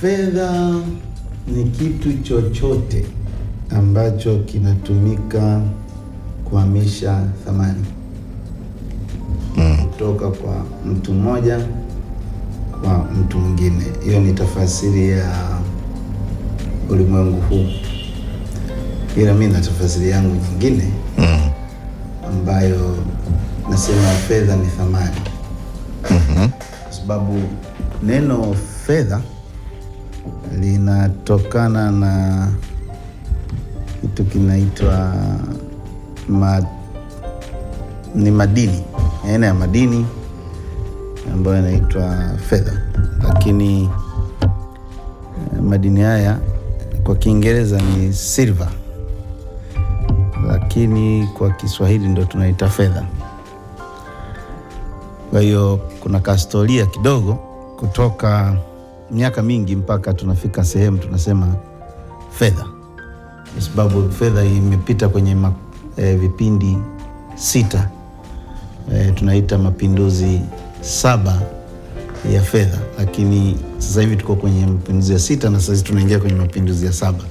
Fedha ni kitu chochote ambacho kinatumika kuhamisha thamani mm. kutoka kwa mtu mmoja kwa mtu mwingine. Hiyo ni tafasiri ya ulimwengu huu, ila mi na tafasiri yangu nyingine mm. ambayo nasema fedha ni thamani mm-hmm. kwa sababu neno fedha linatokana na kitu kinaitwa ma, ni madini, aina ya madini ambayo yanaitwa fedha, lakini eh, madini haya kwa Kiingereza ni silver, lakini kwa Kiswahili ndo tunaita fedha. Kwa hiyo kuna kastoria kidogo kutoka miaka mingi mpaka tunafika sehemu tunasema fedha, kwa sababu fedha imepita kwenye ma, e, vipindi sita e, tunaita mapinduzi saba ya fedha, lakini sasa hivi tuko kwenye mapinduzi ya sita na sasa tunaingia kwenye mapinduzi ya saba.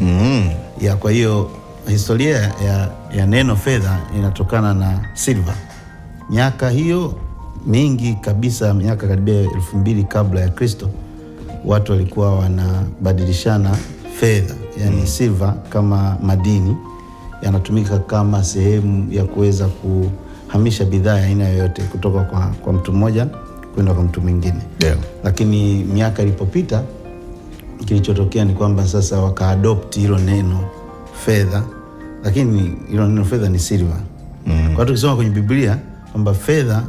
Mm. Ya, kwa hiyo historia ya, ya neno fedha inatokana na silva miaka hiyo mingi kabisa, miaka karibia elfu mbili kabla ya Kristo watu walikuwa wanabadilishana fedha, yani mm. silva kama madini yanatumika kama sehemu ya kuweza kuhamisha bidhaa ya aina yoyote kutoka kwa, kwa mtu mmoja kwenda kwa mtu mwingine yeah. Lakini miaka ilipopita kilichotokea ni kwamba sasa wakaadopti hilo neno fedha, lakini hilo neno fedha ni silva mm. Kwa tukisoma kwenye Biblia kwamba fedha,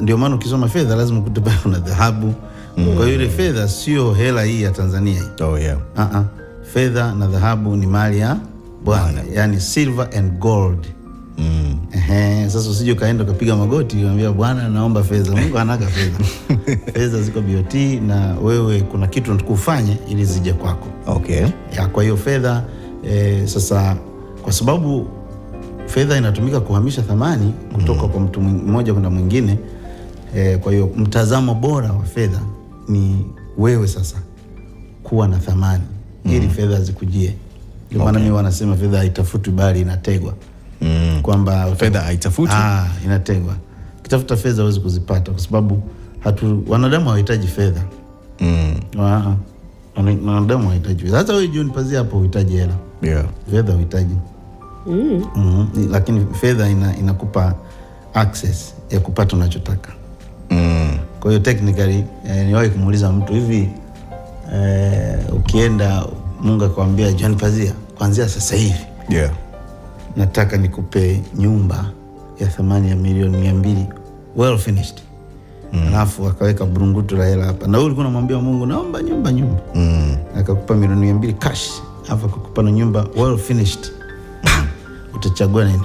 ndio maana ukisoma fedha lazima ukute pale kuna dhahabu mm. Kwa hiyo ile fedha sio hela hii ya Tanzania hii. Oh, yeah. uh -uh. Fedha na dhahabu ni mali ya Bwana, yani silver and gold mm. Ehe, sasa usije ukaenda ukapiga magoti unamwambia Bwana, naomba fedha. Mungu anaka fedha fedha ziko BOT na wewe kuna kitu natukufanye ili zije kwako. Okay. Ya, kwa hiyo fedha e, sasa kwa sababu fedha inatumika kuhamisha thamani kutoka mm. kwa mtu mmoja kwenda mwingine e, kwa hiyo mtazamo bora wa fedha ni wewe sasa kuwa na thamani mm. ili fedha zikujie. Ndio maana okay. mimi wanasema fedha haitafutwi bali inategwa mm. kwamba fedha haitafutwi, ah, inategwa. kitafuta fedha huwezi kuzipata kwa sababu hatu wanadamu hawahitaji fedha mm. Ah, ah. wanadamu hawahitaji fedha. Hata wewe John Pazia hapo uhitaji hela yeah. fedha uhitaji mm. mm. lakini fedha inakupa ina access ya kupata unachotaka mm. Kwa hiyo technically eh, niwahi kumuuliza mtu hivi eh, ukienda Mungu akwambia John Pazia, kuanzia sasa hivi yeah, nataka nikupe nyumba ya thamani ya milioni mia mbili well finished mm. Alafu akaweka burungutu la hela hapa, na wewe ulikuwa unamwambia Mungu naomba nyumba nyumba mm. Akakupa milioni mia mbili cash, alafu akakupa na nyumba well finished utachagua nini?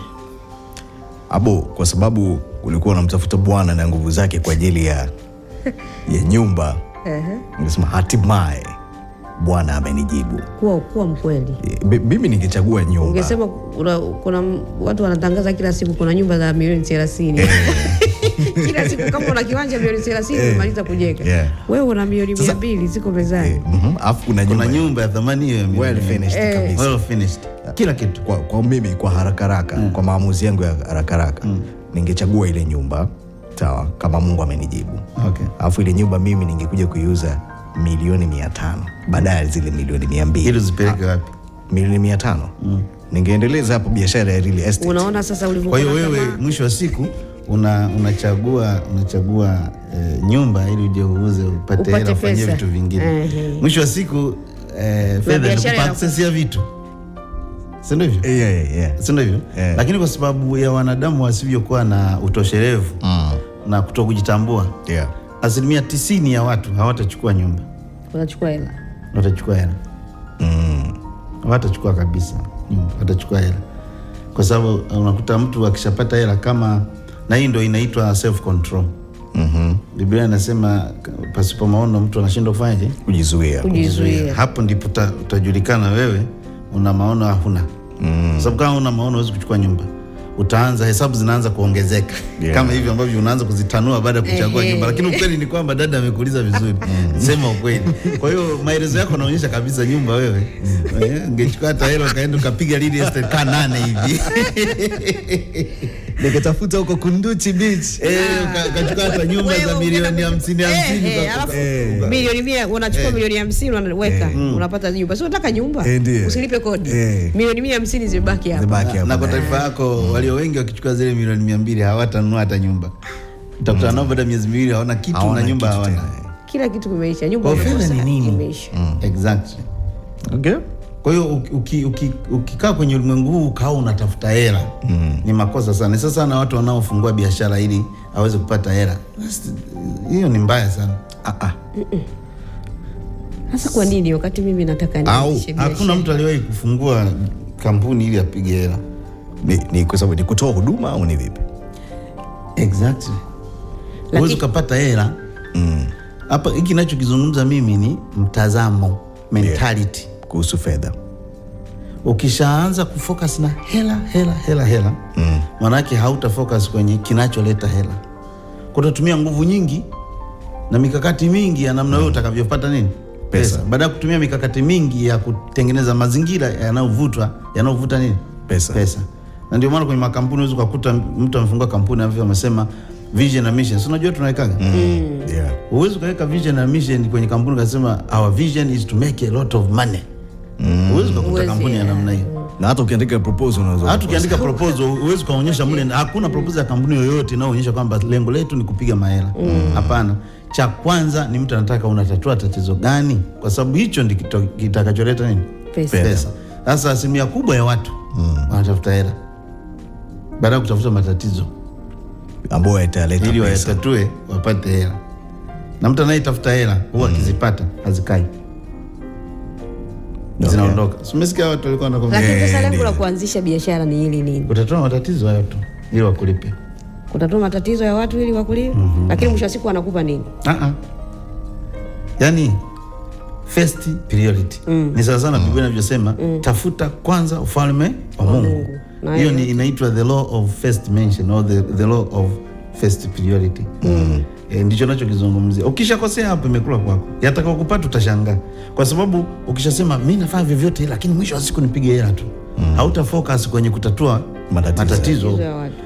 Abo, kwa sababu ulikuwa unamtafuta Bwana na nguvu zake kwa ajili ya ya nyumba nimesema hatimaye Bwana amenijibu. Kuwa kuwa mkweli, e, mimi ningechagua nyumba. Ungesema kuna kuna watu wanatangaza kila siku kuna nyumba za milioni 30 eh. kila siku kama una kiwanja milioni 30 eh. umemaliza kujenga. yeah. Wewe una milioni 200 ziko mezani, eh, mhm, alafu kuna nyumba kuna nyumba ya thamani hiyo well finished kabisa, well finished kila kitu. Kwa, kwa mimi kwa haraka haraka mm. kwa maamuzi yangu ya haraka haraka mm. ningechagua ile nyumba sawa kama Mungu amenijibu. Okay. Alafu ile nyumba mimi ningekuja kuiuza milioni mia tano baadaye zile milioni mia mbili. Ili zipeleke ah, wapi? Milioni mia tano. Mm. Ningeendeleza hapo biashara ya real estate. Unaona sasa ulivyokuwa. Kwa hiyo wewe mwisho wa siku una, unachagua, unachagua e, nyumba ili uje uuze upate hela ufanyie vitu vingine. Mwisho wa siku e, fedha inakupa access ya vitu si ndio hivyo? yeah, yeah. si ndio hivyo? yeah. Lakini kwa sababu ya wanadamu wasivyokuwa na utoshelevu mm na kuto kujitambua yeah. Asilimia tisini ya watu hawatachukua nyumba, watachukua hela, watachukua mm. kabisa nyumba, watachukua hela kwa sababu uh, unakuta mtu akishapata hela kama, na hii ndo inaitwa self control mm -hmm. Biblia inasema pasipo maono mtu anashindwa kufanyaje? Kujizuia, Hapo ndipo utajulikana wewe una maono au mm. Kwa sababu kama una maono wezi kuchukua nyumba utaanza hesabu zinaanza kuongezeka yeah. Kama hivi ambavyo unaanza kuzitanua baada ya kuchagua eh, nyumba, eh. lakini ukweli ni kwamba dada amekuuliza vizuri mm. sema ukweli. Kwa hiyo maelezo yako yanaonyesha kabisa nyumba wewe ungechukua mm. eh, hata hela ukaenda ukapiga real estate kaa nane hivi nikatafuta huko Kunduchi Beach eh, ukachukua eh, hata nyumba za milioni 50 50, eh, eh, milioni mia unachukua milioni 50 unaweka, mm. unapata nyumba. Sio unataka nyumba, usilipe kodi, milioni 150 zimebaki hapo. Na kwa taarifa yako, walio wengi wakichukua zile milioni 200 hawatanunua hata nyumba, utakutana mm. nao baada ya miezi miwili hawana kitu na nyumba hawana kila kitu, kimeisha nyumba ni imeisha. Exactly, okay. Kwa hiyo ukikaa uki, uki kwenye ulimwengu huu ukawa unatafuta hela mm. ni makosa sana. Sasa na watu wanaofungua biashara ili aweze kupata hela, hiyo ni mbaya sana ah -ah. Mm -mm. Hasa kwa nini wakati mimi nataka nianzishe biashara? Hakuna mtu aliwahi kufungua kampuni ili apige hela. Ni, ni kwa sababu ni kutoa huduma au ni vipi? Exactly. Huwezi ukapata hela mm. hapa mm. Hiki nachokizungumza mimi ni mtazamo mentality yeah kuhusu fedha. Ukishaanza kufocus na hela hela hela hela, mm. maanake hautafocus kwenye kinacholeta hela, kutatumia nguvu nyingi na mikakati mingi ya namna wewe mm. utakavyopata nini pesa, pesa. Baada ya kutumia mikakati mingi ya kutengeneza mazingira yanayovutwa yanayovuta nini pesa, pesa. Na ndio maana kwenye makampuni unaweza kukuta mtu amefungua kampuni hivyo amesema vision na mission, si unajua tunawekaga mm. mm. yeah. Uwezi ukaweka vision na mission kwenye kampuni kasema our vision is to make a lot of money Huwezi kukuta kampuni ya eh. namna hiyo. Na hata ukiandika proposal unaweza. Hata ukiandika proposal huwezi kuonyesha mle, hakuna proposal ya kampuni yoyote inayoonyesha kwamba lengo letu ni kupiga mahela. Mm. Hapana. Cha kwanza ni mtu anataka unatatua tatizo gani, kwa sababu hicho ndicho kitakacholeta nini? Pesa. Sasa asilimia kubwa ya watu mm. wanatafuta hela baada ya kutafuta matatizo ambayo yataleta pesa, ili wayatatue wapate hela, na mtu anayetafuta hela huwa mm. akizipata hazikai zinaondoka. Okay. Simesikia watu walikuwa wanakwambia. Lakini sasa lengo la kuanzisha biashara ni hili nini? Utatoa matatizo hayo tu ili wakulipe. Utatoa matatizo ya watu ili wakulipe. Mm -hmm. Lakini mwisho wa siku wanakupa nini? Ah ah. Yaani first priority. Mm. Ni sana sana Biblia mm. inavyosema mm. tafuta kwanza ufalme wa Mungu. Hiyo ni inaitwa the law of first mention or the, the law of first priority. Mm. E, ndicho nachokizungumzia. Ukishakosea hapo, imekula kwako, yatakao kupata utashangaa, kwa sababu ukishasema mi nafanya vyovyote, lakini mwisho wa siku nipige hela tu mm. hauta focus kwenye kutatua matatizo, matatizo.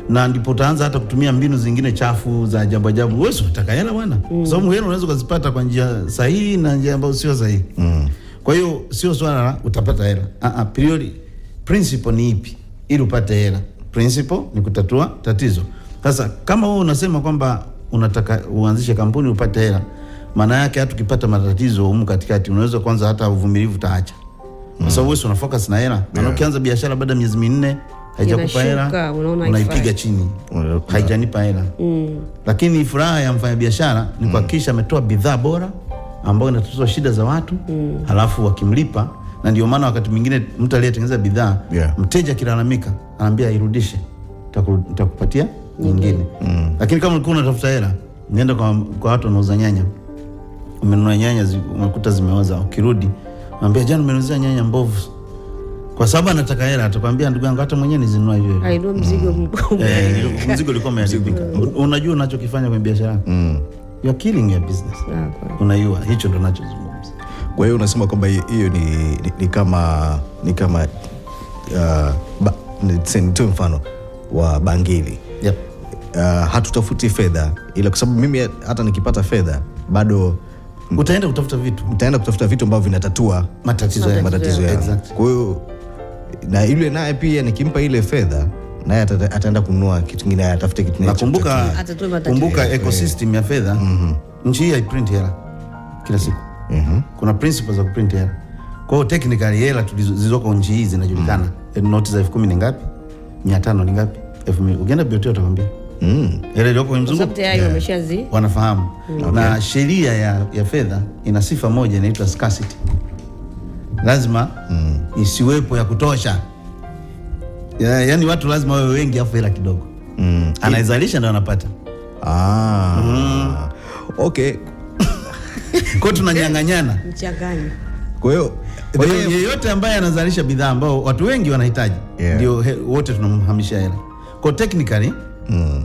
na ndipo utaanza hata kutumia mbinu zingine chafu za ajabu ajabu. Wewe unataka hela bwana, kwa mm. sababu hela unaweza ukazipata kwa njia sahihi na njia ambayo sio sahihi mm. kwa hiyo sio swala la utapata hela uh -uh. Priori, principle ni ipi ili upate hela? Principle ni kutatua tatizo. Sasa kama wewe unasema kwamba unataka uanzishe kampuni upate hela, maana yake hata ukipata matatizo humu katikati, unaweza kwanza hata uvumilivu utaacha kwa sababu wewe una focus na hela. Maana ukianza biashara baada ya miezi minne haijakupa hela, unaipiga chini, haijanipa hela. Mm. Lakini furaha ya mfanyabiashara ni mm. kuhakikisha ametoa bidhaa bora ambayo inatatua shida za watu, mm. halafu wakimlipa na ndio maana wakati mwingine mtu aliyetengeneza bidhaa yeah, mteja akilalamika, anaambia irudishe, nitakupatia nyingine mm. Lakini kama ulikuwa unatafuta hela, nenda kwa, kwa watu wanauza nyanya, umenunua nyanya zi, umekuta zimeoza, ukirudi mwambia jana umenuzia nyanya mbovu, kwa sababu anataka hela, atakwambia ndugu yangu, hata mwenyewe nizinunua hivyo mzigo mm. mkubwa, eh, mzigo ulikuwa umeharibika. Unajua unachokifanya kwenye biashara mm. you are killing your business ah, Unaiua, hicho ndo nachozungumza. Kwa hiyo unasema kwamba hiyo ni, ni, ni kama ni kama uh, ni mfano wa bangili yep. Uh, hatutafuti fedha, ila kwa sababu mimi hata nikipata fedha bado utaenda kutafuta vitu, utaenda kutafuta vitu ambavyo vinatatua matatizo yao, matatizo yao. Exactly. Kwa hiyo na yule naye pia nikimpa ile fedha naye ataenda kununua kitu kingine, atafute kitu kingine. Kumbuka, kumbuka ecosystem ya fedha mm -hmm. Nchi hii print hela kila siku mm -hmm. Kuna principles za kuprint hela, kwa hiyo technically hela zilizoko nchi hii zinajulikana. mm -hmm. Noti za 10000 ni ngapi? 500 ni ngapi? elfu mbili ukienda bibliotea utakwambia Mm. Ile iliyopo yeah. Wanafahamu mm. Na okay. Sheria ya, ya fedha ina sifa moja inaitwa scarcity, lazima mm. isiwepo ya kutosha ya, yani watu lazima wawe wengi afu hela kidogo mm. Anaizalisha ndio anapata ah. mm. Okay. Kwa tunanyang'anyana mchangani. Kwa hiyo yeyote ambaye anazalisha bidhaa ambao watu wengi wanahitaji ndio yeah. Wote tunamhamisha hela kwa technically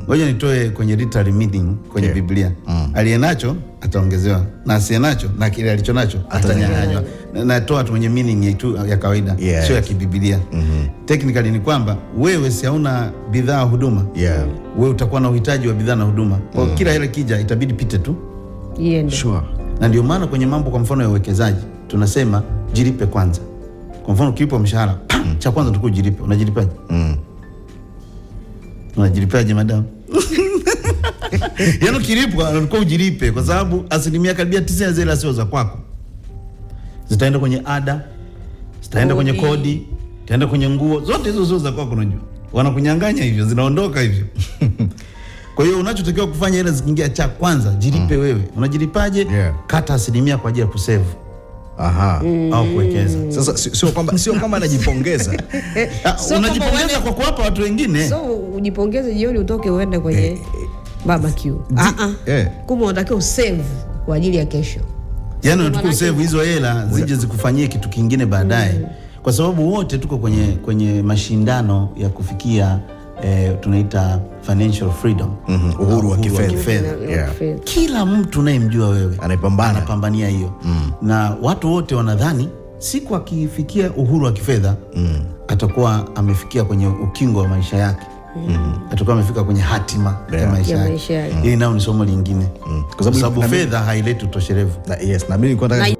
ngoja mm. nitoe kwenye literal meaning kwenye yeah. Biblia mm. aliye nacho ataongezewa na asiye nacho na kile alicho nacho atanyang'anywa. Natoa tu kwenye meaning tu ya kawaida yes. sio ya kibiblia mm -hmm. Technically ni kwamba wewe si hauna bidhaa huduma yeah. wewe utakuwa na uhitaji wa bidhaa na huduma kwa mm. kila ile kija itabidi pite tu iende sure. na ndio maana kwenye mambo kwa mfano ya uwekezaji tunasema jilipe kwanza. Kwa mfano kilipo mshahara mm. cha kwanza tukujilipe unajilipaje? mm unajilipaje madamu? Yaani ukilipwa unakuwa ujilipe, kwa sababu asilimia karibia tisa ya zile sio za kwako, zitaenda kwenye ada, zitaenda kwenye kodi, zitaenda kwenye nguo, zote hizo sio za kwako. Unajua wanakunyang'anya hivyo, zinaondoka hivyo. Kwa hiyo unachotakiwa kufanya ile zikiingia, cha kwanza jilipe. Mm. Wewe unajilipaje? Yeah. Kata asilimia kwa ajili ya kusevu Aha. Mm. Au kuwekeza. Sasa sio kwamba sio kwamba anajipongeza. so, ah, unajipongeza kwa kuwapa watu wengine. So ujipongeze jioni utoke uende kwenye eh, barbecue. Ah ah. Eh. Kumbe unatakiwa usave kwa ajili ya kesho. Yaani unatakiwa usave hizo hela zije zikufanyie kitu kingine baadaye. Mm. Kwa sababu wote tuko kwenye kwenye mashindano ya kufikia eh, tunaita financial freedom, mm -hmm. uhuru wa kifedha yeah. Kila mtu unayemjua wewe anapambania hiyo mm. Na watu wote wanadhani siku akifikia uhuru wa kifedha mm. atakuwa amefikia kwenye ukingo wa maisha yake Mm. Atakuwa amefika kwenye hatima yeah. ya maisha yake. Hili nao ni somo lingine, mm. kwa sababu fedha haileti utosherevu. Yes, na mimi nilikuwa nataka